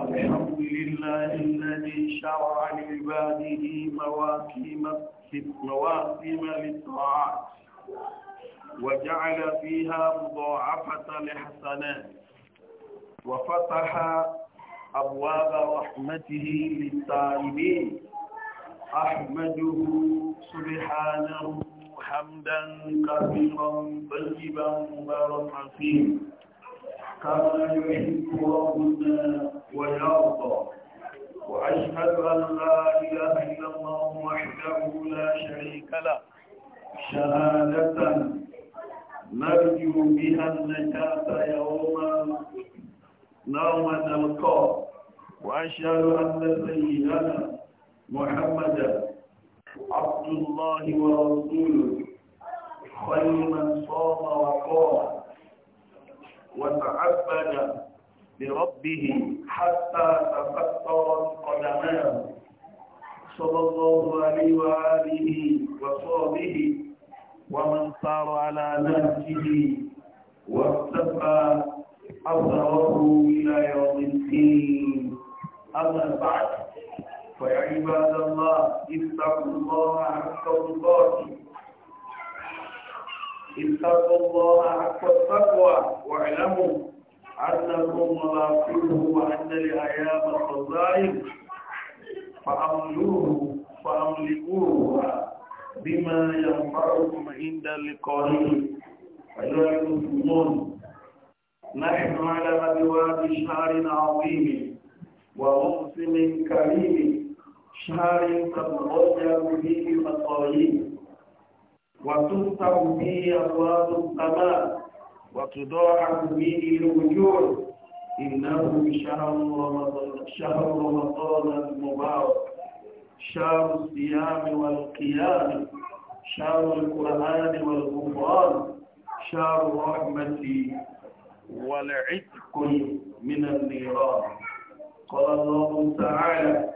الحمد لله الذي شرع لعباده مواسم مواسم للطاعات وجعل فيها مضاعفة الحسنات وفتح أبواب رحمته للتائبين أحمده سبحانه حمدا كثيرا طيبا مباركا فيه كما يحب ربنا ويرضى وأشهد أن لا إله إلا الله وحده لا شريك له شهادة نرجو بها النجاة يوما نوم نلقاه وأشهد أن سيدنا محمدا عبد الله ورسوله خير من صام وقام وتعبد بربه حتى تفطرت قدماه صلى الله عليه وآله وصحبه ومن صار على نهجه واستفى أثره إلى يوم الدين أما بعد فيا عباد الله اتقوا الله حق تقاته اتقوا الله حق التقوى واعلموا أنكم ملاقيه وأن لأيام الخزائن فأملوه فأملكوه بما ينفعكم عند لقائه أيها المسلمون نحن على أبواب شهر عظيم وموسم كريم شهر تتغير به مصائب وتفتح به أبواب السماء وتضاعف به الوجوه إنه شهر رمضان شهر رمضان المبارك شهر الصيام والقيام شهر القرآن والغفران شهر الرحمة والعتق من النيران قال الله تعالى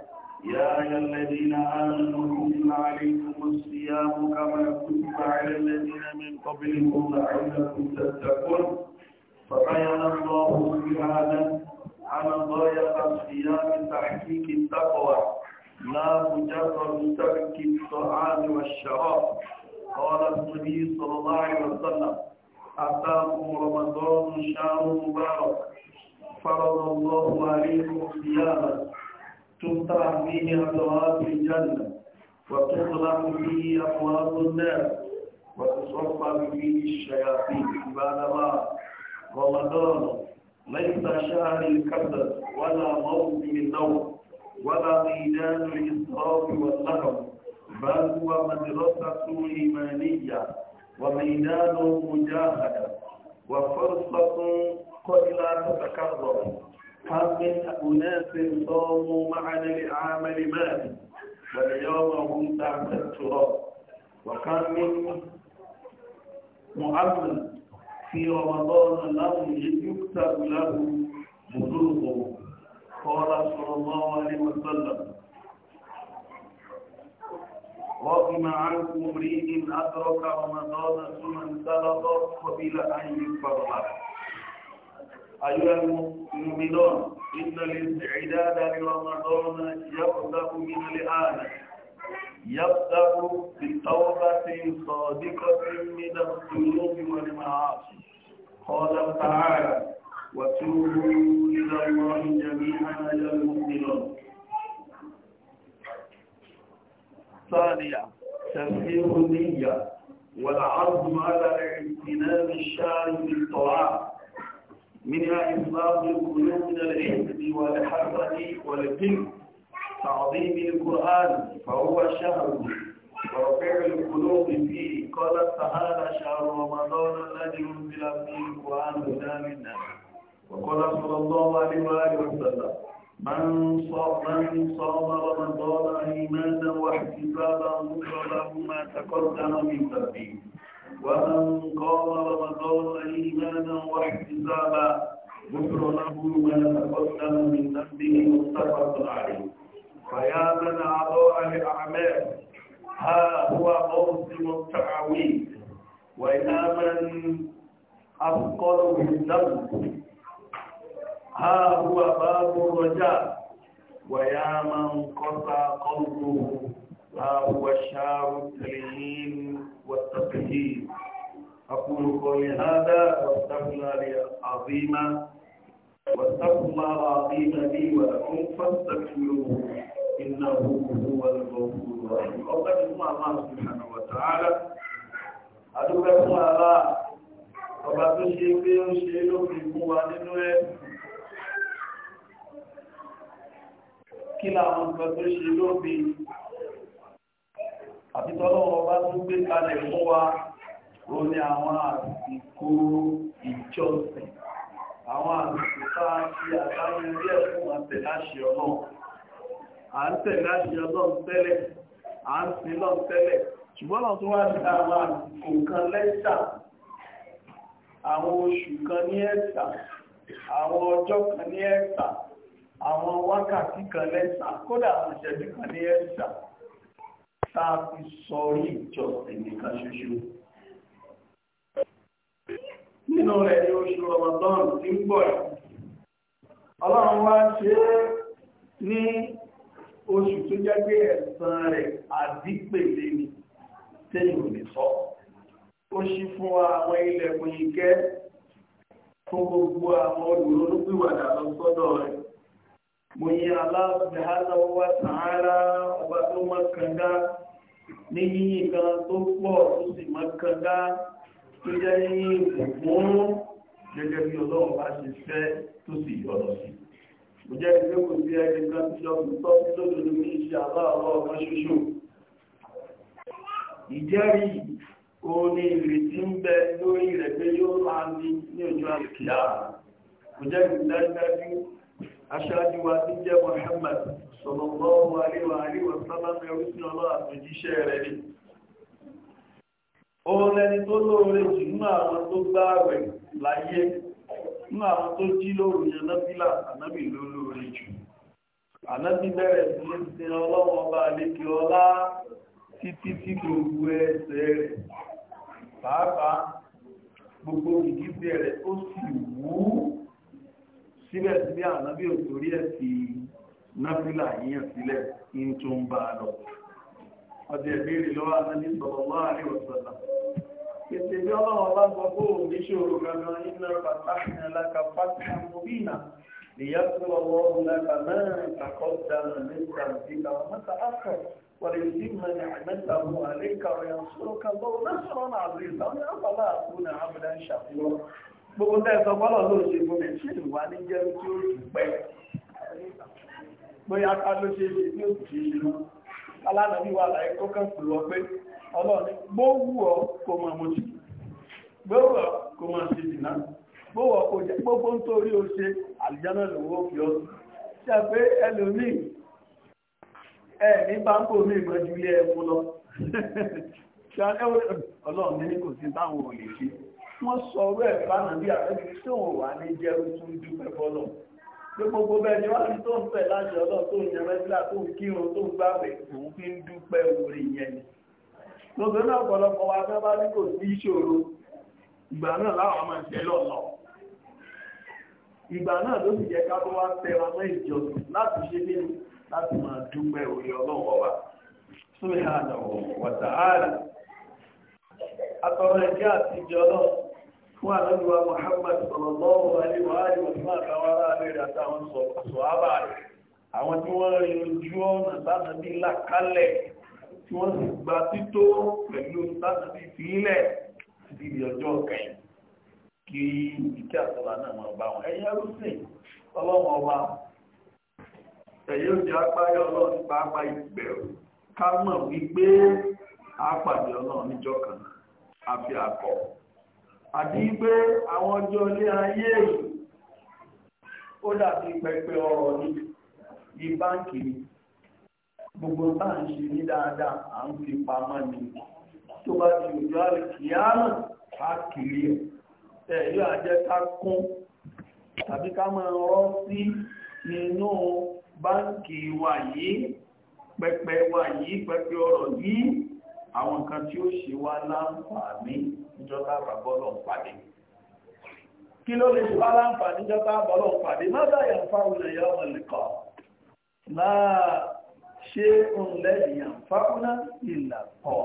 يا أيها الذين آمنوا كتب عليكم الصيام الصيام كما كتب على الذين من قبلكم لعلكم تتقون فبين الله سبحانه على غاية الصيام تحقيق التقوى لا مجرد ترك الطعام والشراب قال النبي صلى الله عليه وسلم أتاكم رمضان شهر مبارك فرض الله عليكم صياما تفتح به أدوات الجنة وتغلق فيه أموال الناس وتصفى فيه الشياطين عباد الله رمضان ليس شهر الكسل ولا موسم النوم ولا ميدان الإسراف واللهو بل هو مدرسة إيمانية وميدان مجاهدة وفرصة قد لا تتكرر كم من أناس صاموا معنا لعمل مالي فاليوم هم تحت التراب وكم من مؤمن في رمضان لم يكتب له بلوغه قال صلى الله عليه وسلم رغم عنكم امرئ ادرك رمضان ثم انسلق قبل ان يكفر له ايها المؤمنون إن الاستعداد لرمضان يبدأ من الآن يبدأ بتوبة صادقة من الذنوب والمعاصي قال تعالى وتوبوا إلى الله جميعا يا المؤمنون ثانيا تفسير النية والعزم على الاغتنام الشارع بالطاعات منها إصلاح القلوب من العلم والحرة والفكر تعظيم القرآن فهو شهر ورفع القلوب فيه قال تعالى شهر رمضان الذي أنزل فيه القرآن هدى للناس وقال صلى الله عليه وآله وسلم من صام من صام رمضان إيمانا واحتسابا غفر له ما تقدم من ذنبه ومن قام رمضان إيمانا واحتسابا غفر له ما تقدم من ذنبه متفق عليه فيا من أضاء الأعمال ها هو موسم التعويض ويا من أفقر بالذنب ها هو باب الرجاء ويا من قصى قلبه ها هو شعر السليم والتطهير أقول قولي هذا واستغفر الله العظيم واستغفر الله العظيم لي ولكم فاستغفروه إنه هو الغفور الرحيم أوقات الله سبحانه وتعالى أدعو الله ọba tó ṣe في ó ṣe lófin fún wa nínú ẹ̀ àti tọ́lọ́wọ́ bá tún gbé kalẹ̀ fún wa ó ní àwọn àsìkò ìjọsìn àwọn àsìkò táa fi àtàrí orí ẹ̀ fún àtẹ̀ láṣẹ ọlọ́run à ń tẹ̀ láṣẹ ọlọ́run tẹ́lẹ̀ à ń sin lọ́n tẹ́lẹ̀ ṣùgbọ́n lọ́n tún wá sí àwọn àsìkò kan lẹ́ṣà àwọn oṣù kan ní ẹ̀ṣà àwọn ọjọ́ kan ní ẹ̀ṣà àwọn wákàtí kan lẹ́ṣà kódà àwọn ìṣẹ́jú kan ní ẹ̀ṣà tá fi sọ orí ìjọsìn nìkan ṣoṣo nínú rẹ̀ ni oṣù Ramadan ti ń bọ̀ ọlọ́run wá ṣe ní oṣù tó jágbé ẹ̀sán rẹ̀ àdípèlé ni tẹ́yìn ò lè sọ ó ṣí fún àwọn ilẹ̀kùn Kẹ́. fún gbogbo àwọn lọ sọ́dọ̀ rẹ̀ mo yí Allah subhanahu wa ta'ala ọba tó mọ́ kànga ní yíyí kan tó pọ̀ tó sì mọ́ kànga tó jẹ́ yíyí òkun gẹ́gẹ́ bí ọlọ́run bá ṣe fẹ́ tó sì yọ̀rọ̀ sí mo jẹ́ ìgbé kò sí ẹni kan tó jọ kò tọ́ sí lódodo ní ìṣe aláàbọ̀ ọ̀kan ṣoṣo ìjẹ́rìí o ní ìrètí ń bẹ lórí rẹ̀ pé yóò máa ní ní ojú àkìyà mo jẹ́ ìdájúdájú aṣáájú wa tí jẹ́ Muhammad sallallahu alaihi wa sallam ẹrú sí ọlọ́run àtúnjíṣẹ́ rẹ̀ ni òun lẹni tó lóore jù nínú àwọn tó gbá rẹ̀ láyé nínú àwọn tó jí lóru yẹn nábìlà ànábì ló jù ànábì bẹ̀rẹ̀ sí ní sin ọlọ́run ọba àlejò ọlá títí tí gbogbo ẹsẹ̀ rẹ̀ pàápàá gbogbo ó sì wú síbẹ̀síbẹ̀ ànábì òtòrí ẹ̀ fi náfìlà yíyàn sílẹ̀ ń tó ń bá lọ ọdẹ ìbéèrè lọ́wọ́ ànábì sọ̀rọ̀ láàrin ọ̀sọ̀lá ètò bí ọlọ́run bá gbọ́ kó o ṣòro gangan nínú bàtà ìrìnàlákà fásitì mobina ìyá tó lọ́wọ́ ọ̀làkà náà ìtàkọ́jà nàìjíríà ti kà mọ́ta ákọ̀ ويتم نعمته عليك وينصرك الله نصرا عزيزا أفلا أكون عبدا gbogbo tẹ́sọ pọ́lọ̀ ló ṣe fún ẹ̀ṣìn wà ní jẹ́ tí ó jù pẹ́ bóyá ká ló ṣe ṣe tí ó jù ìlú alánàbí wà láì kó kàn pè wọ́n pé kò mọ̀ gbogbo ó ṣe àlìjánà lówó fi ṣe pé ẹlòmíì ẹ ní báńkò mi ìmọ̀ ju ilé lọ ọlọ́ọ̀ni kò sí táwọn wọ́n sọ ọ̀rọ̀ ẹ̀ fánà bí àtẹ́bí tí òun wà ní jẹ́rú tún dúpẹ́ bọ́lọ̀ pé gbogbo bẹ́ẹ̀ tó ń fẹ̀ láti ọ̀dọ̀ tó ń yẹn mẹ́sílà tó ń kírun tó ń gbàwẹ̀ òun fi ń dúpẹ́ orí yẹn ni gbogbo náà ọ̀pọ̀lọpọ̀ wa fẹ́ ní ìṣòro ìgbà náà láwọn máa ń lọ́lọ́ náà ló jẹ́ ká tó wá fún àlọ́gbà Muhammad sallallahu alaihi wa alihi wa sallam àwọn ará rẹ̀ àtàwọn sọ̀hábà rẹ̀ àwọn kí ìkẹ́ àtọ́lá náà bá wọn ẹ̀yà rúsìn ọlọ́wọ́n ọba ẹ̀yẹ́ òjò ọlọ́run nípa apá a pàdé ọlọ́run àbí pé àwọn ọjọ́ ilé ayé yìí ó dàbí pẹpẹ ọ̀rọ̀ ní bí báńkì ni gbogbo bá ń ṣe ní dáadáa à ń fi pamọ́ ni tó bá ti òjò àrè káàkiri ẹ̀ yóò àjẹ́ ká kún tàbí ká máa rọ́ sí nínú báńkì wa yìí pẹpẹ wa yìí pẹpẹ ọ̀rọ̀ yìí àwọn nǹkan tí ó ṣe wá láǹfààní níjọba àbábọ́lọ̀ pàdé kí ló lè ṣe láǹfààní níjọba àbábọ́lọ̀ pàdé mọ́bàyà fáwọn ẹ̀yọ́ ọmọlẹ̀kọ́ máa ṣe ohun lẹ́yìn àǹfààní ìlà ọ̀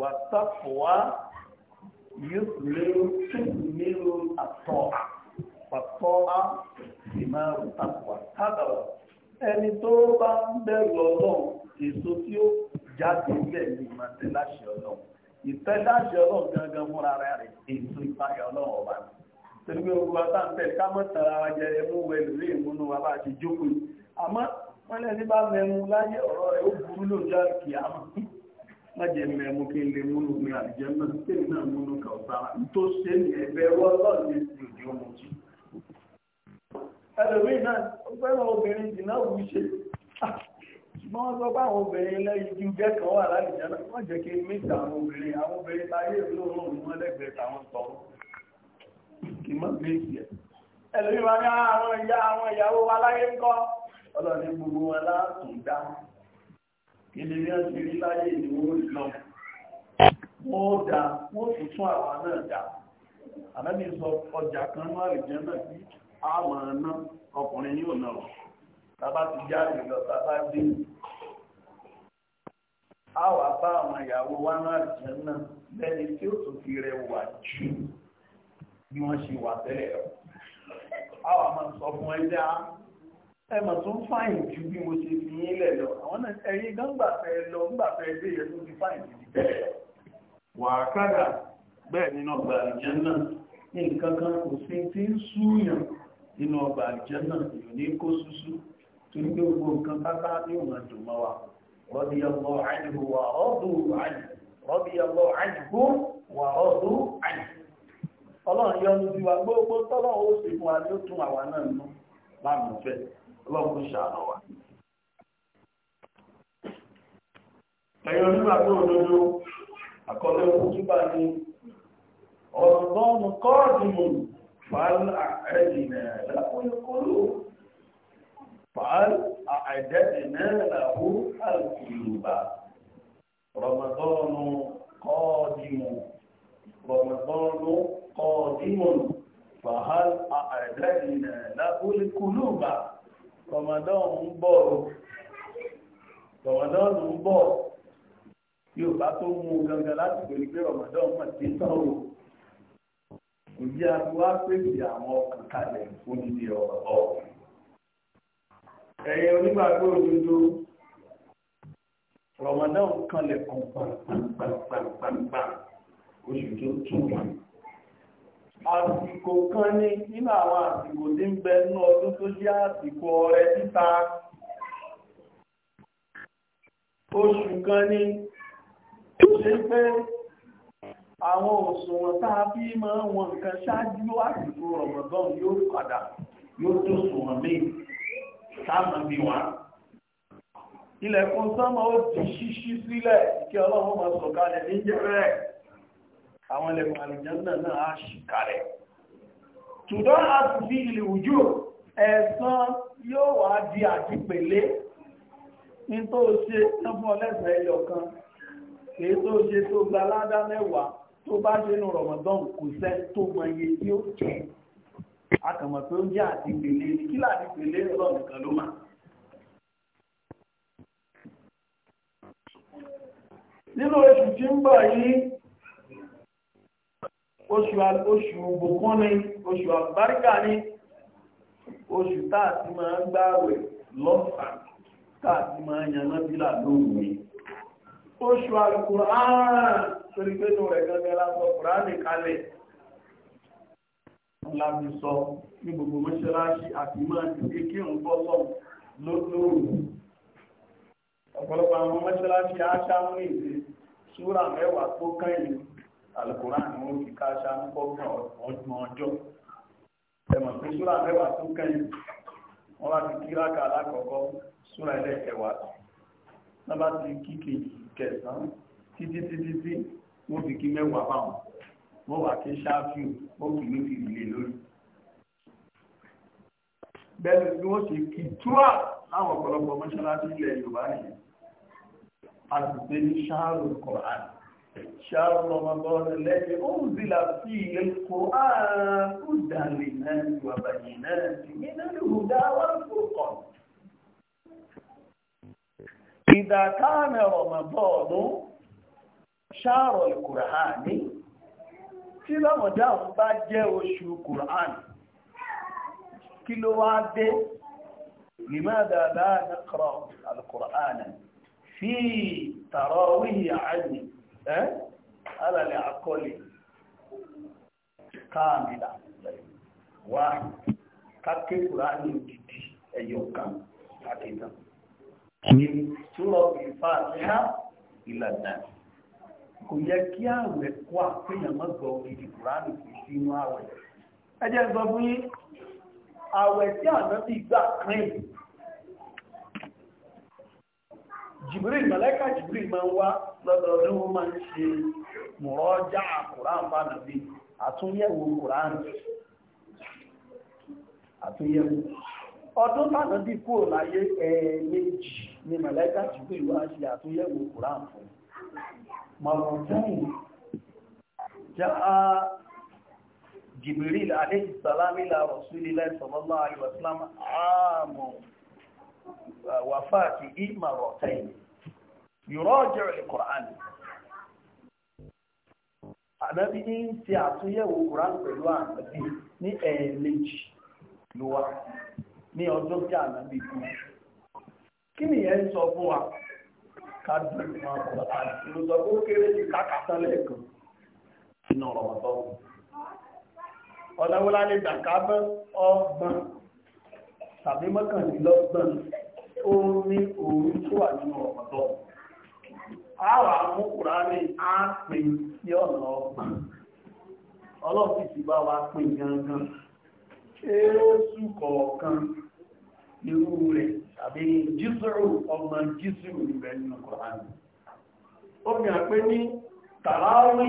wàtàkùwà ẹni tó bá ń bẹ̀rù ọlọ́run èso tí ó jáde bẹ́ẹ̀ ni ìmọ̀ tẹ̀láṣẹ ọlọ́run ìtẹ̀láṣẹ ọlọ́run gangan múra rẹ̀ èso ìpayà ọlọ́run ọba ni torí pé gbogbo ọba ń bẹ̀rẹ̀ ká mọ̀ tara wa jẹ ẹmú wẹ lórí ìmúnú wa bá ti jókòó àmọ́ wọ́n lẹ́ni bá mẹ́mu láyé ọ̀rọ̀ rẹ̀ ó burú lóòjọ́ kì á má jẹ mẹ́mu kí n lè múnú mi àlùjẹ́ náà kí náà múnú kà ọ̀sára tó ṣe ní ẹgbẹ́ ọlọ́run ní ìdí òmùtí ẹlòmíì náà ó fẹ́ràn obìnrin jì náà wù ṣe ṣùgbọ́n wọ́n sọ pé àwọn obìnrin lẹ́yìn ju gẹ́kọ̀ọ́ wà lálìjẹ́ náà wọ́n jẹ́ kí mítà àwọn obìnrin àwọn obìnrin láyé olóòórùn ní wọ́n lẹ́gbẹ̀ẹ́ tàwọn sọ kì mọ́ bèèkì ẹ̀ ẹlòmíì wọn ní ah, àwọn ìyá àwọn ìyàwó wa láyé ń ni bí wọ́n ti rí láyé ìdíwọ́ lọ wọ́n dá wọ́n tún tún àwọn náà dá àbẹ́bí sọ ọjà kan náà àlìjẹ́ náà àmọ̀ ẹ̀nà ọkùnrin ní ònà ọ̀ tàbá ti jáde lọ tàbá dé àwà bá àwọn ìyàwó wa náà jẹ́ náà lẹ́ni tí ó tún fi rẹ̀ wà jù bí wọ́n ṣe wà tẹ́lẹ̀ lọ. àwà máa sọ fún ẹja ẹ mọ̀ tó ń fàyìn ju bí mo ṣe fi yín lẹ̀ lọ àwọn náà ẹ̀yin gan fẹ́ lọ gbà fẹ́ dé yẹn tó ti fàyìn ju ti bẹ́ẹ̀ lọ. wàá kádà bẹ́ẹ̀ nínú ọgbà ìjẹ́ náà nǹkan kan kò sí ti ń súyàn nínú ọgbà náà èyàn ní kó súsú tó ní gbogbo nǹkan pátá ní ọ̀nà jùmọ́ wa rọ́bí ọgbọ́ ọ́dù àìlú rọ́bí ọgbọ́ àìlú wà ọ́dù àìlú ọlọ́run yọ ní wa ọ̀rọ̀ fàál àdẹ́dìnà láwọn ìkọlù fàál àdẹ́dìnà láwọn alùpùpù rọmọdọ́nù kọ́ọ̀dìmù rọmọdọ́nù kọ́ọ̀dìmù fàál àdẹ́dìnà láwọn ìkọlù rọmọdọ́nù ń bọ̀ rọmọdọ́nù ń bọ̀ yóò bá tó mú gangan láti pèlú pé rọmọdọ́nù mọ̀ sí sọ́rọ̀ òjí àtúwá pèsè àwọn ọkàn kalẹ̀ fún ìdí ọ̀rọ̀ ẹ̀yẹ onígbàgbọ́ òdodo rọmọdán kanlẹ̀ kan pàpàpàpàpà oṣù tó túnmọ̀ àsìkò kan ní nínú àwọn àsìkò tí ń bẹ nínú ọdún tó jẹ́ àsìkò ọrẹ títa oṣù kan ní ṣe pé àwọn òṣùwọ̀n tá a fi máa wọn nǹkan ṣáájú àsìkò Ramadan yóò padà yóò tó sùnwọ̀n mí táàmù bí wá. ilẹ̀kùn sánmà ó di ṣíṣí sílẹ̀ kí ọlọ́run máa sọ̀kalẹ̀ ní jẹ́rẹ̀ àwọn ilẹ̀kùn àlùjànnà náà á ṣì kalẹ̀. tùdọ́ láti fi ilẹ̀ òjò ẹ̀san yóò wá di àdìpèlé ní tó ṣe tán fún ọlẹ́sẹ̀ ẹyọ kan èyí tó ṣe tó gba ládá mẹ́wàá tó bá ṣe nù rọ̀mọ̀dán kò sẹ́ tó mọ iye tí ó jẹ́ akàmọ̀ tó ń jẹ́ àti pèlè kí láti pèlè ọlọ́run kan ló máa. nínú oṣù tí ń bọ̀ yìí oṣù bùkún ni oṣù àbáríkà ni oṣù táà ti máa ń gbààwẹ̀ lọ́fà táà ti máa ń yànnà bílà lóòrùn oṣù Al-Qur'an torí pé tó rẹ̀ gẹ́gẹ́ lásọ kùránì kalẹ̀ láti sọ ní gbogbo mọ́ṣáláṣí àti máa ti pé kí òun bọ́ sọ lóòrùn ọ̀pọ̀lọpọ̀ àwọn mọ́ṣáláṣí aṣáájú ní ìdí súrà mẹ́wàá tó kẹ́yìn alùkùránì wọn fi ká aṣáájú kọ́kàn ọgbọ̀n ọjọ́ ẹ̀mọ̀ pé súrà mẹ́wàá tó kẹ́yìn wọ́n bá ti kí rákà alákọ̀ọ́kọ́ súrà ẹlẹ́kẹ̀wàá títí títí títí wọ́n fi kí mẹ́wàá báwọn wọ́n wà kí ṣáfíù wọ́n kì ní fìdí lé lórí. bẹ́ẹ̀ ni wọ́n ṣe kí túwà láwọn ọ̀pọ̀lọpọ̀ mọ́ṣáláṣí ilẹ̀ Yorùbá nìyẹn a sì pé ní ṣáàrù Qur'an ṣáàrù Ramadan lẹ́yìn ó ń zìlà sí ilé Qur'an ó dàlè náà ìwà bàjẹ́ náà ti ní nínú ìhùdá fún ọ̀ ìdàkánà Ramadan ṣáàrọ̀ ìkùràní tí lọ́mọ̀dáun bá jẹ́ oṣù kùràní kí ló wá dé لماذا لا نقرأ القرآن في تراويه عني على العقل كاملة واحد كاكي قرآن جدي أيوكا حقيقة من سورة الفاتحة إلى الناس kò yẹ kí àwẹ̀ kó àpéyàn mọ́gbọ̀ ògidì kùránì kò sí inú àwẹ̀ ẹjẹ́ sọ fún yín àwẹ̀ tí ànábì gbà kírìn jìbìrì màláíkà jìbìrì máa ń wá lọ́dọọdún ó máa ń ṣe mùrọ́jà kùránì fánàbí àtúnyẹ̀wò kùránì àtúnyẹ̀wò ọdún tánà bí kúrò láyé ẹ̀ẹ̀mejì ni màláíkà jìbìrì wá ṣe àtúnyẹ̀wò kùránì fún مرتين جاء جبريل عليه السلام إلى رسول الله صلى الله عليه وسلم عام وفاته مرتين يراجع القرآن àdábí ní ti àtúnyẹ̀wò Quran pẹ̀lú àgbàbí ní ẹ̀ẹ̀lẹ́jì ló wá ní ọjọ́ tí àgbàbí kú kí ni ẹ̀ ń sọ fún wa kádùn ìmọ̀ ọ̀pọ̀lọpọ̀ ìlúsọ tó kéré jù kákàtọ́lẹ̀ kan nínú ọ̀rọ̀ ọ̀tọ́ ọ̀lẹ́wọ́lá lè dàkábẹ́ ọgbọ̀n tàbí mọ́kànlélọ́gbọ̀n ó ní òru tó wà nínú ọ̀rọ̀ ọ̀tọ́ àwà àmúkùrá ní á pè sí ọ̀nà ọgbọ̀n ọlọ́ọ̀fíìsì bá wa pè gangan eré oṣù irú rẹ̀ tàbí jísùrù ọmọ jísùrù rẹ̀ nínú kọ̀ránì ó fi hàn pé ní tàráwì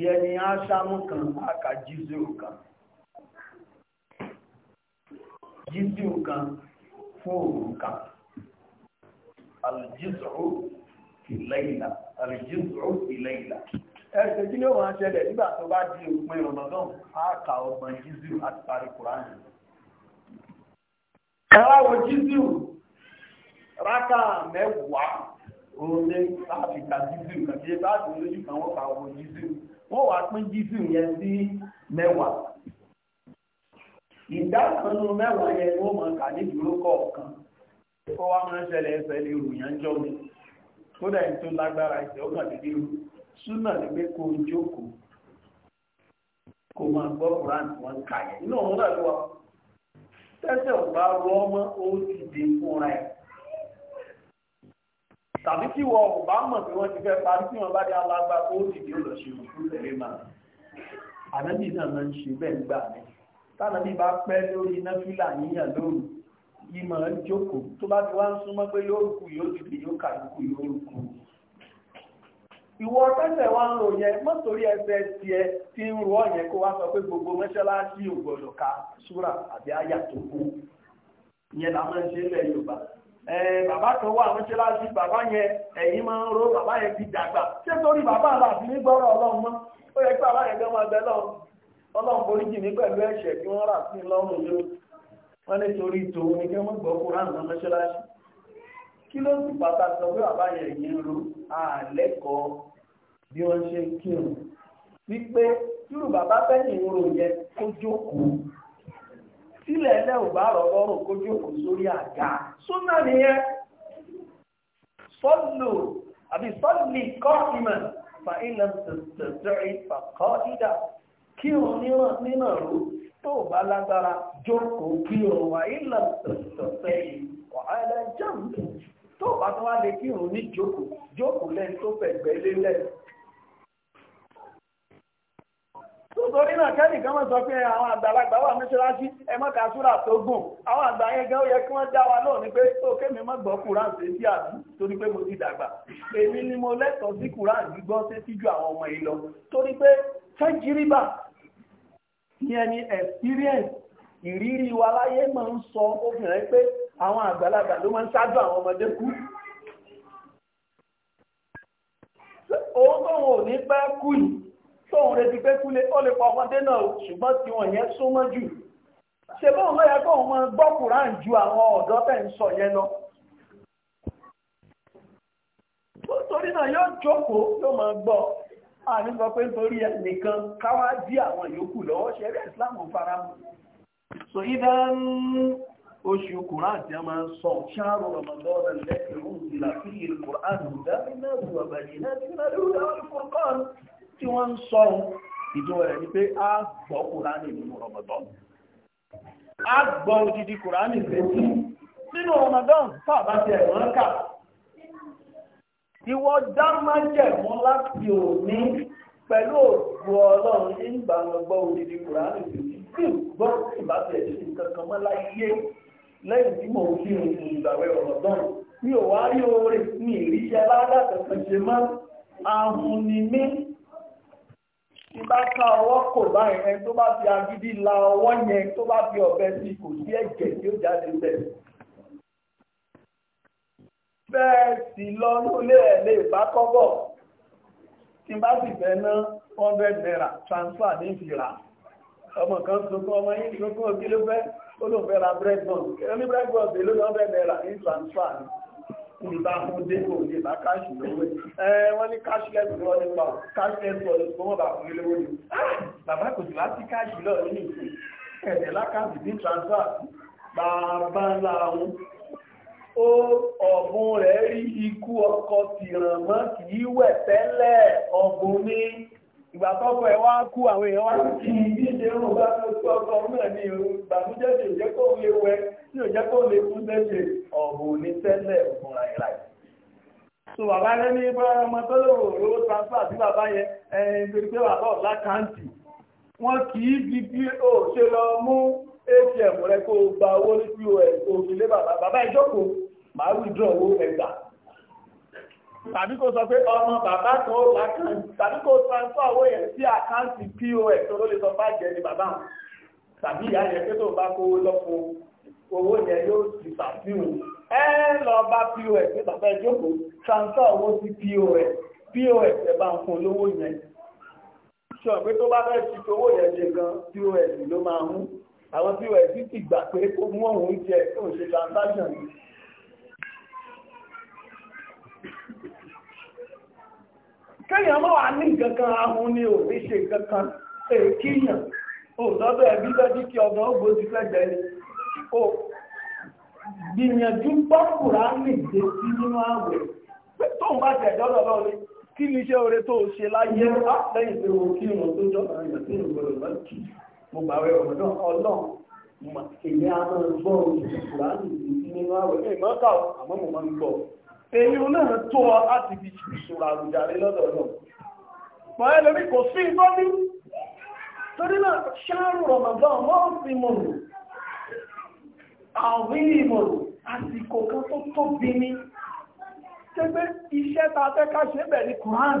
yẹni aṣámú kan aka jísùrù kan jísùrù kan fóòrù kan aljísùrù ìlẹ́ìlà aljísùrù ìlẹ́ìlà ẹ̀sẹ̀ kí ni ó máa ṣẹlẹ̀ nígbà tó bá di òpin ọ̀nà náà á jísùrù àti parí kùránì Ẹwàwò Jísù, rákà mẹ́wàá, òun ní Áfíríkà Jísù, kàtíyé bá dùn lójú kan wọ́n bá wo Jísù. Wọ́n wá pín Jísù yẹn sí mẹ́wàá. Ìdákanú mẹ́wàá yẹn wọ́n mọ̀ kà ní dúró kọ̀ọ̀kan. Ó wá máa ń ṣẹlẹ̀ ẹsẹ̀ lè rù yẹn jọ mi. Kódà ní tó lágbára ìṣẹ́ ó kàn dédé rú. Súnà ní pé kó jókòó. Kò máa gbọ́ Kùránì wọn kà yẹn. Inú òun náà ló wà tẹ́tẹ̀ ò bá rọ ọmọ ó ti dé fúnra ẹ̀ tàbí kí wọ́n ò bá mọ̀ pé wọ́n ti fẹ́ parí tí wọ́n bá dé alágbá ó ti dé ó lọ ṣe òkú tẹ̀lé máa ànábì náà máa ń ṣe bẹ́ẹ̀ nígbà mi tánàbí bá pẹ́ lórí náfìlà yíyàn lóru ìmọ̀ ń jókòó tó bá ti wá ń súnmọ́ pé yóò kú yóò dìde yóò kà yóò kú yóò kú ìwọ tẹ́sẹ̀ wa ń lò yẹn mọ́tòrí ẹsẹ̀ tiẹ̀ ti ń rọ wá sọ pé gbogbo mọ́ṣáláṣí ò gbọ́dọ̀ ka súrà àbí àyà tó kú ìyẹn la máa ń ṣe ilẹ̀ Yorùbá bàbá kan wà bàbá yẹn ẹ̀yìn máa ń bàbá yẹn ti dàgbà ṣé torí bàbá àlàbí ní gbọ́rọ̀ Ọlọ́run mọ́ ó yẹ kí bàbá yẹn gbẹ́ Ọlọ́run bí wọ́n ṣe kírun wípé irú bàbá fẹ́yìn ìwòrò yẹn kó jókòó sílẹ̀ ẹlẹ́ ò bá rọ̀ lọ́rùn kó jókòó sórí àga súnà nìyẹn sọ́lù àbí sọ́lì kọ́ ìmọ̀ fa ilẹ̀ tẹ̀tẹ̀rẹ̀ fa kọ́ dídà kírun nínà ró tó bá lágbára jókòó kírun wa ilẹ̀ tẹ̀tẹ̀rẹ̀ wà á lẹ́ jẹun tó bá tó wá lè kírun ní jókòó jókòó lẹ́ni tó fẹ̀gbẹ́ lélẹ̀ torí náà kẹ́nìkan mọ̀ sọ pé àwọn àgbàlagbà wà mọ́ṣáláṣí ẹ má ka súrà tó gùn àwọn àgbà yẹn gan ó yẹ kí wọ́n dá wa lóò ní pé tó kémi mọ́ gbọ́ kúrán ṣe sí àbí torí pé mo ti dàgbà èmi ni mo lẹ́tọ̀ọ́ sí kúrán gbígbọ́ ṣe sí ju àwọn ọmọ yìí lọ torí pé tẹ́jìrìbà ìyẹn ni experience ìrírí wa láyé máa ń sọ obìnrin pé àwọn àgbàlagbà ló máa ń ṣáájú àwọn ọmọdé kú òun tóun ò ní pẹ́ kú yìí tóun retí pé kúlé ó lè pa ọmọdé náà ṣùgbọ́n tí wọ́n yẹn súnmọ́ jù ṣe bóun lọ́yẹ kóun máa gbọ́ kùrán ju àwọn ọ̀dọ́ tẹ̀ ń sọ yẹn lọ. torí náà yóò jókòó yóò máa gbọ́ àní sọ pé nítorí ẹ nìkan káwá dí àwọn yòókù lọ́wọ́ ṣẹlẹ̀ Islam faramu. so idan oṣù kùrán àti ọmọ sọ ṣáàrù Ramadan lẹ́kẹ̀ẹ́ òun ìlà fi ìlú kùrán tí wọ́n ń sọ ìjọ rẹ̀ ni pé a gbọ́ kùránì nínú Ramadan a gbọ́ òdìdí kùránì létí nínú Ramadan tàbá ti ẹ̀wọ̀n kà ìwọ dá májẹ̀mú láti òní pẹ̀lú ògbò ọlọ́run ní ìgbàlọ́gbọ́ òdìdí kùránì létí tí gbọ́ ìbáfẹ́ ìṣẹ́ kankan mọ́ láyé lẹ́yìn tí mo fi ìrìn ìgbàwẹ̀ Ramadan mi ò wá rí oore ní ìríṣẹ́ ládàkọ̀kan ṣe mọ́ ahun ni mí tí bá ká ọwọ́ kò báyìí ẹni tó bá fi agídí la ọwọ́ yẹn tó bá fi ọ̀bẹ sí kò sí ẹ̀jẹ̀ tí ó jáde bẹ́ẹ̀. bẹ́ẹ̀ sì lọ lólé ẹ̀ lè bá kọ́bọ̀ tí bá sì fẹ́ ná one hundred naira transfer ní ìfìrà ọmọ kan sunkún ọmọ yìí sunkún òkè ló fẹ́ ó lóun fẹ́ ra bread bond ẹni bread bond èlò ní one hundred naira ní transfer ní ìbá fún débò ní ìbá káṣì lọ́wọ́ wọ́n ní cashless lọ nípa cashless lọ nípa wọ́n bá fún ilé wọ́n ni ah! bàbá kò sì láti káṣì lọ ní ìfẹ́ ẹ̀rẹ̀ lákàtì ní transfer bàbá ńlá wọn ó ọ̀bùn rẹ̀ rí ikú ọkọ tìràn mọ́ kì í wẹ̀ tẹ́lẹ̀ ọ̀bùn ní ìgbà tọ́kọ ẹ̀ wá kú àwọn èèyàn wá kí ìdíje òun bá tó ọkọ náà ní ìbànújẹ́ tí o jẹ́ kó lè fún tẹ́lẹ̀ ọ̀bùn ní tẹ́lẹ̀ ọ̀bùn ràìrà yìí. so bàbá rẹ ní bá ọmọ tó lòrò owó transfer sí bàbá yẹn ẹ̀yìn torí pé bàbá ọ̀la kàǹtì wọn kì í di bí ó ṣe lọ mú atm rẹ kó o gba owó ní pos òṣèlé bàbá bàbá ìjókòó màá withdraw owó ẹgbà tàbí kó sọ pé ọmọ bàbá kan ó lákàntì tàbí kó transfer owó yẹn sí àkáǹtì pos tó ló lè sọ bá jẹ ní bàbá tàbí ìyá yẹn pé tó bá kó lọ́fún owó yẹn yóò ti pàṣíwò ẹ lọ bá pos ní bàbá ìjókòó transfer owó sí pos pos ẹ bá ń fún olówó yẹn sọ pé tó bá fẹ́ ti owó yẹn ṣe gan pos ló máa mú àwọn pos ti gbà pé kó mú òun jẹ kó ṣe transaction yìí. kéèyàn mọ́ wà ní ìkankan ahun ní òní ṣe kankan èkíyàn òdọ́dọ̀ ẹbí lọ́dí kí ọgbọ́n ó gbójú lẹ́gbẹ̀ẹ́ ni o gbìyànjú gbọ́ kùránì dé sí nínú àwẹ̀ pé tó ń bá jẹ̀ dọ́dọ̀ lọ ni kí ni iṣẹ́ oore tó ṣe láyé lẹ́yìn pé o kí ìrùn tó jọ àwọn ìgbà tí mo gbà wẹ ọ̀dọ́ ọlọ́run èmi a máa gbọ́ òṣìṣẹ́ kùránì dé sí nínú àwẹ̀ ní ìmọ̀ọ́kà àmọ́ mo máa ń gbọ́ èyí náà tó ọ láti fi ìṣòro àrùjàre lọ́dọ̀ náà mọ̀ ẹ́ lórí kò sí ìbọ́dí torí náà ṣáàrù Ramadan mọ́ sí mọ̀rùn àwílìmọ̀ àsìkò kan tó tóbi ní tẹ́gbẹ́ iṣẹ́ ta tẹ́ká ṣe bẹ̀ ní Quran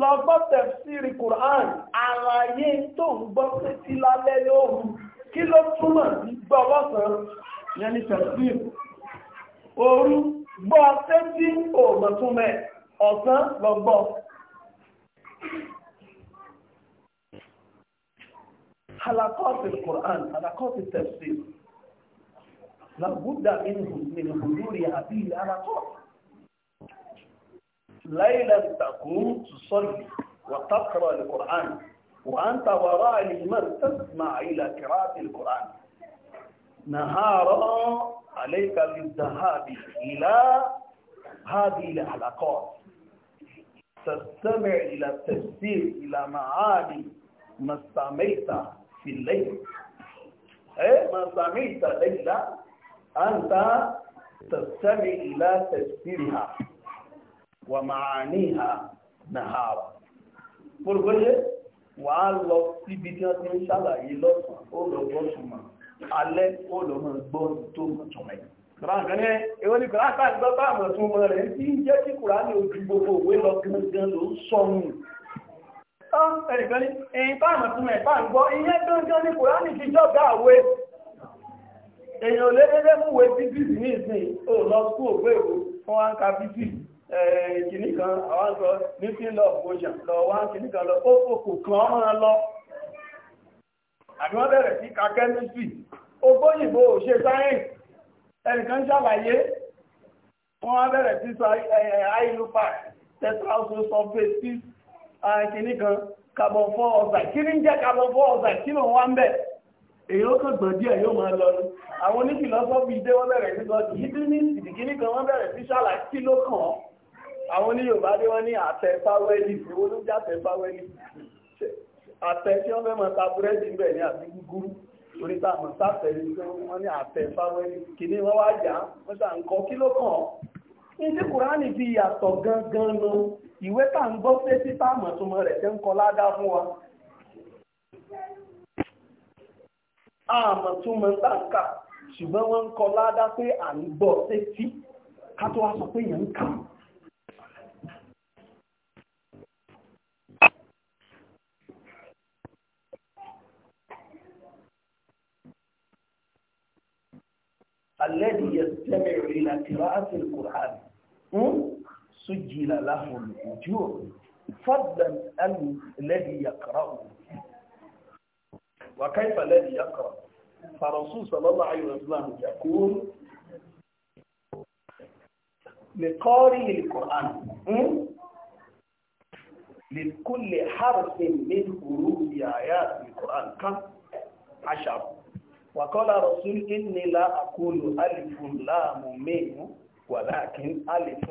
lọ gbọ́ tẹ̀sírí Quran àlàyé tó ń gbọ́ sétí lálẹ́ lóòrùn kí ló túmọ̀ sí gbọ́ lọ́sàn-án yẹn ni tẹ̀sírí òru gbọ́ sétí òmọ̀túnmẹ̀ ọ̀sán lọ gbọ́ حلقات القرآن حلقات التفسير لابد منهم من حضور هذه الحلقات ليلا تقوم تصلي وتقرأ القرآن وأنت وراء الإمام تسمع إلى قراءة القرآن نهارا عليك بالذهاب إلى هذه الحلقات تستمع إلى التفسير إلى معاني ما استمعت sílẹ̀ ẹ máa sàmì ìtàlẹ́ ìlà à ń ta tẹ̀sẹ̀mì ìlà tẹ̀sírì ha wà máa ní ha nàhàrà. Fọ́lùkọ́yé wà á lọ síbi tí wọ́n ti ń ṣàlàyé lọ́sàn-án ó lọ bọ́ sùnmọ̀ alẹ́ ó lọ mọ̀ gbọ́ tó mọ̀ tọ̀mọ̀ ẹnìkan ní èyí táàmù tún ẹ̀ bá ń gbọ́ iye tó ń jọ ní kòránì fi jọ́gá àwẹ́ èyàn lédédé mú wé bíbìsì ní ìsìn ò lọ sí òwe ìwò fún wa ń ka bíbì eh, kìíní kan àwọn sọ ní sí lọ òjà lọ wá kìíní kan lọ ó kò kàn án máa lọ àbí wọ́n bẹ̀rẹ̀ sí ka kẹ́mísì ogbóyìnbó ò ṣe sáyẹ́ǹsì ẹnìkan ṣàlàyé wọ́n bẹ̀rẹ̀ sí sọ àìlúpà eh, eh, tetraosulfate kìíní kan carbon four oxide kí ní jẹ́ carbon four oxide kí ló wá ń bẹ̀ èyí ó kàn gbọ̀n díẹ̀ yóò máa lọ ní àwọn onífìlọ́sọ́bì dé wọ́n bẹ̀rẹ̀ sí sọ kìíní ìdìkíní kan wọ́n bẹ̀rẹ̀ sí ṣàlàyé kí ló kàn án àwọn oníyòbá dé wọ́n ní àtẹ fáwẹ́lì owó ló jẹ́ àtẹ fáwẹ́lì àtẹ tí wọ́n fẹ́ mọ ta búrẹ́dì ń bẹ̀ ní àti gúgúrú orí tá a mọ̀ sáfẹ́ ní pé wọ́n ní àtẹ fáwẹ́lì kìíní wọ́n wá jà wọ́n ṣà kí ló kàn án ní tí kùránì fi yàtọ̀ gangan lọ ìwé tá ń gbọ́ pé títà àmọ̀túnmọ̀ rẹ̀ tẹ́ ń kọ ládá fún wa àmọ̀túnmọ̀ ń tàǹkà ṣùgbọ́n wọ́n ń kọ ládá pé à ń gbọ́ sétí ká tó wá sọ pé èèyàn ń kà الذي يستمع إلى قراءة القرآن سجل له الأجور فضلا الذي يقرأه وكيف الذي يقرأ فرسول صلى الله عليه وسلم يقول لقارئ القرآن لكل حرف من حروف آيات القرآن كم عشر وقال رسول إني لا أقول ألف لام ميم ولكن ألف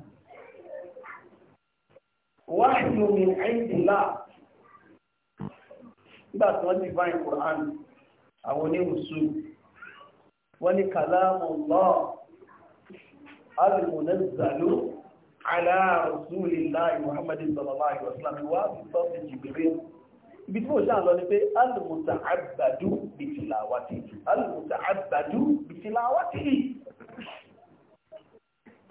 wáṣọ mi àìdìlá nígbà tí wọ́n ti bá ìkùrán àwọn oníwùsù wọ́n ní kàlámù lọ alìmọ̀nẹ́zàlú aláàrùsúlìlá ìmọ̀hámàdì sọ̀lọ́lá ìwọ̀sílámi wá sí sọ́ọ̀sì jìbìrì ibi tí mo ṣáà lọ ni pé alìmọ̀tà àbàdú bìtìláwátì alìmọ̀tà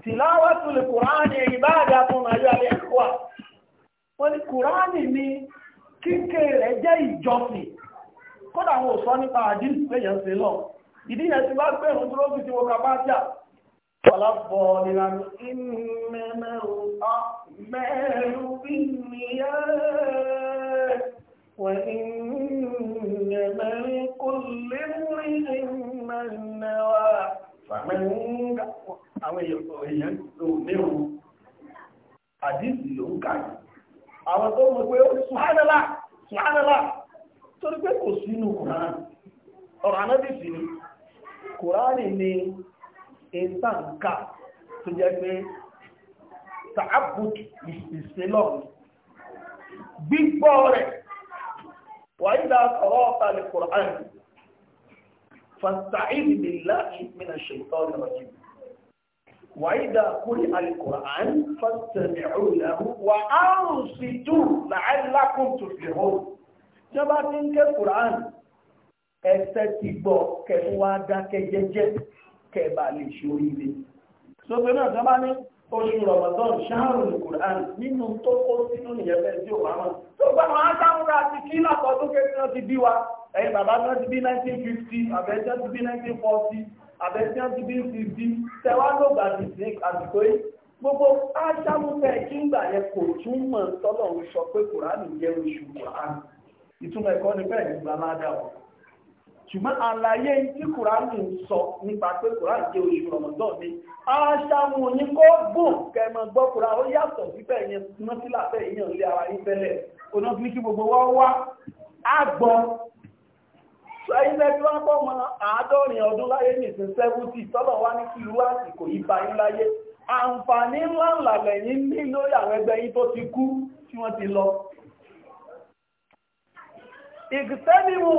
tìláwátì lè kùrán ní ìbáàdà fún ayọ́ alẹ́ wọ́n ní kùránì ni kíkẹ́ rẹ̀ jẹ́ ìjọsìn kódà àwọn òsọ́ nípa àdínù péyàn sí lọ ìdí yẹn ti bá gbẹ̀rún dúró sí ti ah, àwọn èèyàn ló ní òun àdínù ló ń kàyí àwọn tó mọ̀ pé ó sùhánàlá sùhánàlá torí pé kò sínú kùránì ọ̀rọ̀ anábìsì ni kùránì ni ìtànkà tó jẹ́ pé tààbùtù ìsìnlọ́ gbígbọ́ rẹ̀ wà ní ọ̀rọ̀ ọ̀tàlẹ̀ kùránì fasta'idh billahi minash shaitanir وإذا قرئ القرآن فاستمعوا له وأنصتوا لعلكم تفلحون جبا تنك القرآن استتبوا كوادا كججة كبالي شوريبي سوفنا زماني oṣù rọ̀mọ̀dán ṣáàrùn ní kùránì nínú tó kó sínú ìyẹ̀fẹ́ tí ó bá wọn tó bá wọn á dáhùnra àti kí látọ̀ tó kékeré ti bí wa ẹ̀yin bàbá náà ti bí 1950 àbẹ̀jẹ́ ti bí 1940 àbẹ̀tí wọn ti bí fi bí tẹwàlógbà ti sí àsìkò yìí gbogbo aṣáwúfẹ́ ìgbà yẹn kò túmọ̀ tọ́lọ̀ ń sọ pé kùránì jẹ́ oṣù kùránì ìtumọ̀ ẹ̀kọ́ ni bẹ́ẹ̀ nígbà máa dà wọ́n ṣùgbọ́n àlàyé tí kùránì ń sọ nípa pé kùránì jẹ́ oṣù rọ̀mọ̀dán ni aṣáwú yín kó gùn kẹmọ gbọ́ kùránì ó yàtọ̀ síbẹ̀ yẹn mọ́sílà bẹ́ẹ̀ yẹn lé ara yín tẹ́lẹ̀ onáfíìkì gbogbo wọ́n wá àgbọn ẹ̀yin lẹ́bí wá mọ́ àádọ́rin ọdún láyé nìsín tọlọwa tọ́lọ̀ wá ní kí irú àsìkò yìí yín láyé àǹfààní ńlá ńlá lẹ́yìn ní lórí àwọn tó ti kú tí wọ́n ti lọ. ìgbẹ́niwò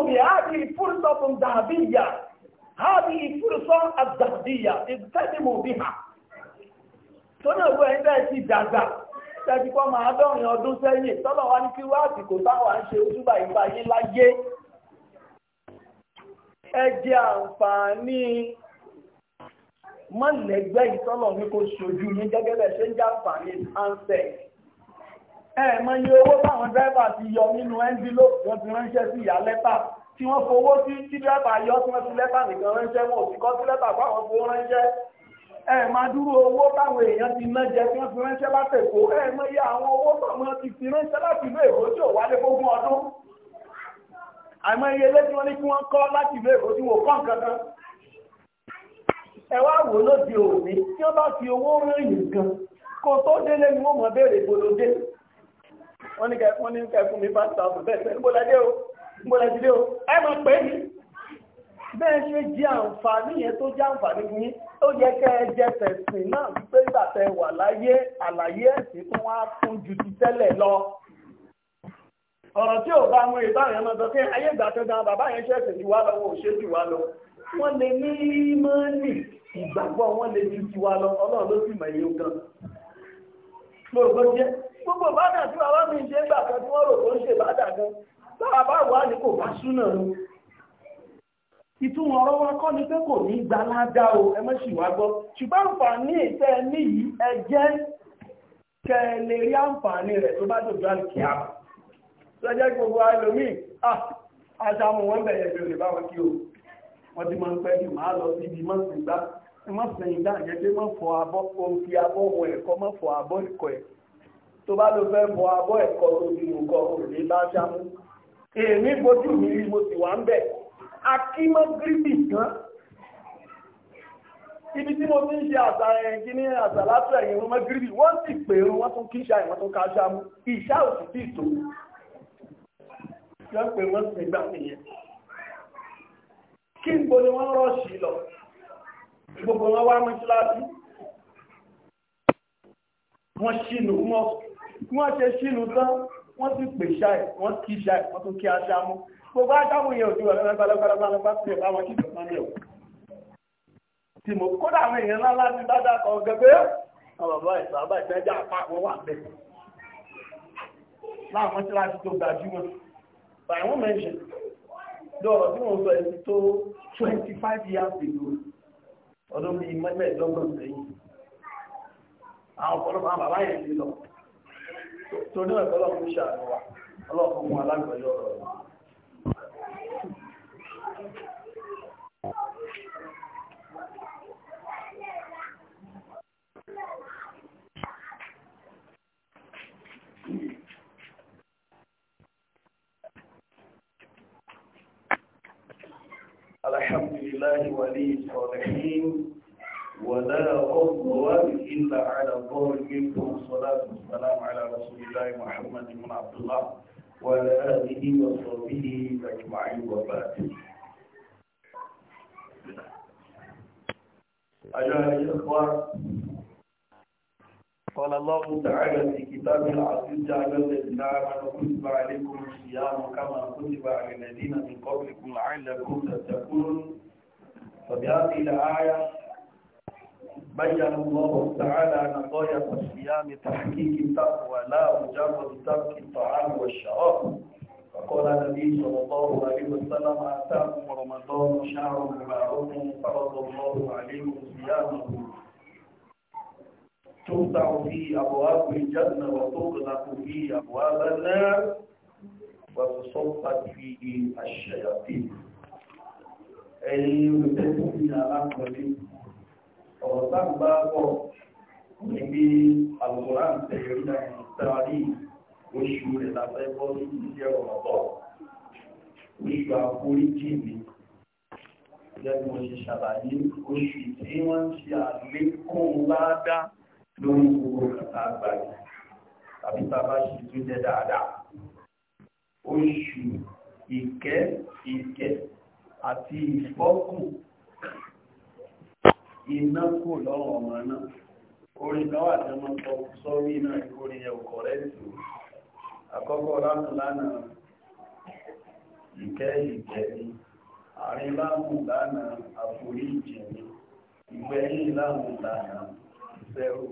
àbí ìfúrúsọ àbí hà. tó náà wọ ti dàgbà tẹ́tí kọ́ máa dọ́rin ọdún sẹ́yìn tọ́lọ̀ wá ní kí àsìkò ẹ jẹ àǹfààní mọ́lẹ̀gbẹ́ ìtọ́lọ̀ ní kò ṣojú ní gẹ́gẹ́ bẹ̀ ṣe ń jẹ àǹfààní ansec ẹ mọ iye owó táwọn dírẹ́bà ti yọ nínú envelope wọn ti ránṣẹ́ sí ìyá lẹ́tà tí wọ́n fowó sí tí dírẹ́bà yọ tí wọ́n fi lẹ́tà nìkan ránṣẹ́ wọn ò sì kọ́ sí lẹ́tà fáwọn fowó ránṣẹ́ ẹ máa dúró owó táwọn èèyàn ti ná jẹ tí wọ́n fi ránṣẹ́ látẹ̀kọ́ ẹ mọ iye àwọn owó àmọ́ iye ilé tí wọ́n ní kí wọ́n kọ́ láti ilé ìwò tí wọ́n kọ́ nǹkan kan ẹ wá wò lóde òní tí wọ́n bá fi owó rìnrìn kan kó tó délé ni wọ́n mọ̀ béèrè gbòdòdé wọ́n ní kẹfún ní kẹfún mi bá ta ọ̀bẹ̀ bẹ́ẹ̀ gbọ́lẹ́dé o gbọ́lẹ́dé o ẹ mọ̀ pé mi bẹ́ẹ̀ ṣe jẹ́ àǹfààní yẹn tó jẹ́ àǹfààní fún yín ó yẹ kẹ́ ẹ jẹ tẹ̀sìn náà wípé ìgbà wà láyé àlàyé ẹ̀sìn tó wá kún ju ti tẹ́lẹ̀ lọ. ọ̀rọ̀ tí ò bá mú ìbáyẹn máa sọ pé ayé ìgbà tó bàbá yẹn ṣẹ̀sìn ju wá wọn ò ṣe jù lọ wọ́n lè ní ìgbàgbọ́ wọn lè ju ti wá lọ ọlọ́run ló sì mọ̀ èyí gan. gbogbo jẹ́ bàbá mi gbà kan tí wọ́n rò bàdà gan bàbá wà ní kò bá súnà ìtumọ̀ ọ̀rọ̀ ni pé kò wá gbọ́ ṣùgbọ́n àǹfààní ìtẹ́ ẹ jẹ́ lè rí àǹfààní sọ́jẹ́ gbogbo alòmí àṣàmù wọn bẹ̀rẹ̀ bẹ̀rẹ̀ báwọn kí o wọ́n ti máa ń pẹ́ jù máa lọ sí ibi mọ́sìngbá mọ́sìngbá yẹn pé mọ́ fọ abọ́ òǹfi abọ́ wọn ẹ̀kọ́ mọ́ fọ abọ́ ẹ̀kọ́ ẹ̀ tó bá ló fẹ́ fọ abọ́ ẹ̀kọ́ lórí nǹkan òní bá ṣámú èmi bójú mi rí mo sì wà ń bẹ̀ akímọ́ gíríbì kan ibi tí mo ti ń ṣe àṣà ẹ̀yìn kí ní àṣà látọ̀ ẹ̀yìn wọn mọ́ gíríbì wọ́n sì pèrún wọ́n tún kíṣà ìwọ́n tún ká ṣámú ìṣá òsì tí yọ́n pè wọ́n sì gbà nìyẹn kí n gbóni wọ́n rọ́ọ̀ṣì lọ gbogbo wọn wá mọ́ṣáláṣí wọ́n ṣínú wọ́n ṣe ṣínú tán wọ́n sì pè ṣáì wọ́n kí ṣáì wọ́n tún kí aṣámú gbogbo aṣámú yẹn òjú ọ̀rẹ́ gbalagbalagbalagbá pè báwọn kí ìjọba ní ẹ̀wọ̀ tí mo kódà àwọn èèyàn ńlá láti dáadáa kan gẹ́gẹ́ àwọn bàbá ìsàbà ìfẹ́jà àpapọ̀ wà bẹ́ẹ̀ láwọn mọ́ṣáláṣí tó gbajúmọ̀ But I won't mention. Lọ́rọ̀ tí was sọ ẹni tó 25 years ago, don't ọdún bíi mẹ́ẹ̀ẹ́dọ́gbọ̀n sẹ́yìn. Àwọn ọ̀pọ̀lọpọ̀ àwọn bàbá yẹn ti lọ. Tó ní ẹ̀kọ́ lọ́kùn ṣàánú wa, ọlọ́kùn alágbọ̀yọ̀ ọ̀rọ̀. الحمد لله ولي الصالحين ولا عدوان إلا على منكم والصلاة والسلام على رسول الله محمد بن عبد الله وعلى آله وصحبه أجمعين وبعد أيها الإخوة قال الله تعالى في كتاب العزيز جعل الذين آمنوا كتب عليكم الصيام كما كتب على الذين من قبلكم لعلكم تتقون فبهذه الآية بين الله تعالى أن غاية الصيام تحقيق التقوى لا مجرد ترك الطعام والشراب فقال النبي صلى الله عليه وسلم أتاكم رمضان شهر معروف فرض الله عليكم صيامه تفتح فيه أبواب الجنة وتغلق فيه أبواب النار وتصفت فيه الشياطين ẹ̀yìn olùtẹ́kùn ní alákọ̀ọ́lé ọ̀rọ̀ sáàgbà pọ̀ níbi alùkùnrán tẹ̀yọ̀ ní àìsàárì oṣù rẹ̀ lábẹ́ bọ́ sí ilé ọ̀rọ̀ oṣù àforíjì mi lẹ́nu oṣù ṣàlàyé oṣù tí wọ́n ń ṣe àlékún ládàá lórí gbogbo kàtà àgbáyé tàbí tàbá ṣe jẹ dáadáa oṣù ìkẹ́ ìkẹ́ àti ìfọ́kù iná kò lọrọ ọmọ náà orin wà náà ìkórin yẹ ọkọ̀ rẹ̀ tó àkọ́kọ́ láàmù lánàá ni lánàá àforíjì ni ìgbẹ̀yìn lánàá ẹrú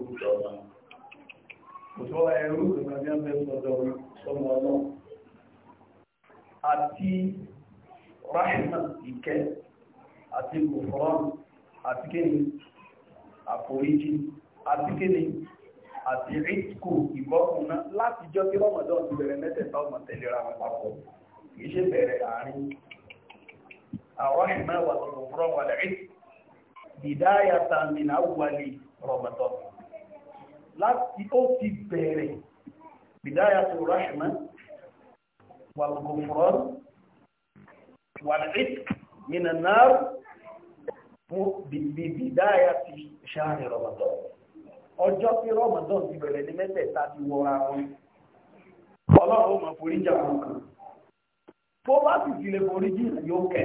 àti rahman ìkẹ́ àti gòfòrán àti kéni àforíjì àti kéni àti ríkò ìbọ́kùnná láti jọ kí rọmọdán ti bẹ̀rẹ̀ mẹ́tẹ̀ẹ̀ta ọmọ tẹ̀lera wọn papọ̀ kìí bẹ̀rẹ̀ àárín àwọn ìmọ̀ wà lẹ́rí Ramadan láti ó ti bẹ̀rẹ̀ bidayatu rahma wal ghufran wal itq minan nar bidayati shahri Ramadan ọjọ́ tí Ramadan ti bẹ̀rẹ̀ ní mẹ́tẹ̀ẹ̀ta ti wọra wọn ọlọ́run ó forí jà wọn kan tó bá sì ti lè borí jìnnà yóò kẹ́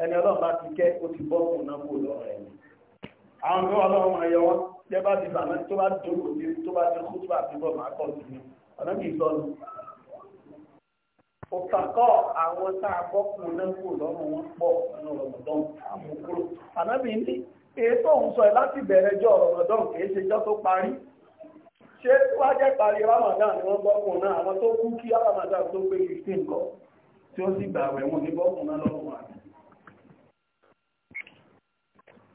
ẹni ọlọ́run bá ti kẹ́ ó ti bọ́ fún náà àwọn tó wà lọ́wọ́ máa yọ wọ́n jẹ́ bá ti bàmẹ́ tó bá tó kò sí tó bá ti kú tó bá ti bọ̀ máa kọ̀ sí ni ọ̀nà kì í sọ nù. òkàkọ́ àwọn tá a bọ́ kù náà kù lọ́rùn wọn pọ̀ nínú rọ̀mọ̀dọ́n àmúkúrò ànábì ní ètò òun sọ láti bẹ̀rẹ̀ jọ rọ̀mọ̀dọ́n kì í ṣe jọ́ tó parí ṣé wá jẹ́ parí ramadan ni wọ́n bọ́ náà àwọn tó kú kí ramadan tó pé fifteen kọ tí ó sì gbà wẹ̀ ní bọ́ náà lọ́rùn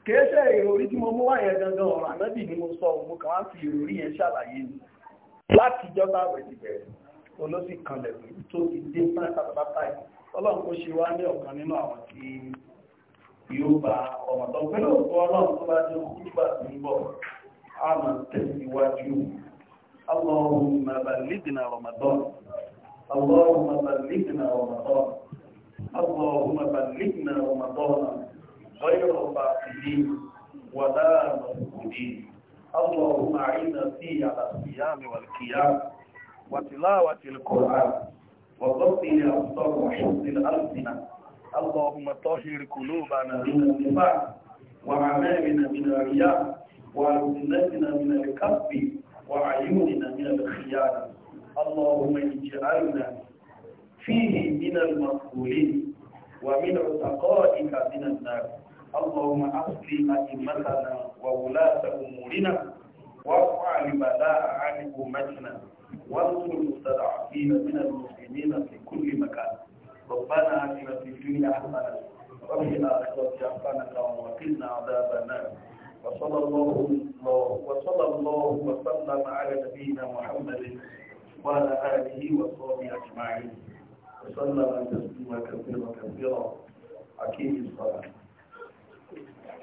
ka ìròrí tí mo mú wáyé gangan ọ̀rọ̀ ànábì ni mo sọ òun kàn án fi ìròrí yẹn ṣàlàyé ni láti ìjọba àwẹ̀ ti bẹ̀rẹ̀ olóṣì kanlẹ̀ tó ti dé pátápátá yìí ọlọ́run ṣe wá ní ọ̀kan nínú àwọn tí yóò bá ọmọ tó pẹ́lú òkú ọlọ́run tó bá jẹ́ tó ń bọ̀ á غير فاسدين ولا مفقودين اللهم أعنا فيه على الصيام والقيام وتلاوة القرآن وضبط الأبصار وحفظ الألسنة اللهم طهر قلوبنا من النفاق وعمامنا من الرياء وألسنتنا من الكذب وعيوننا من الخيانة اللهم اجعلنا فيه من المسؤولين ومن عتقائك من الناس اللهم أصلي أئمتنا وولاة أمورنا وارفع البلاء عن أمتنا وانصر المستضعفين من المسلمين في كل مكان ربنا آتنا في الدنيا حسنة وفي الآخرة حسنة وقنا عذاب النار وصلى الله وصلى الله وسلم على نبينا محمد وعلى آله وصحبه أجمعين وسلم تسليما كثيرا كثيرا أكيد الصلاة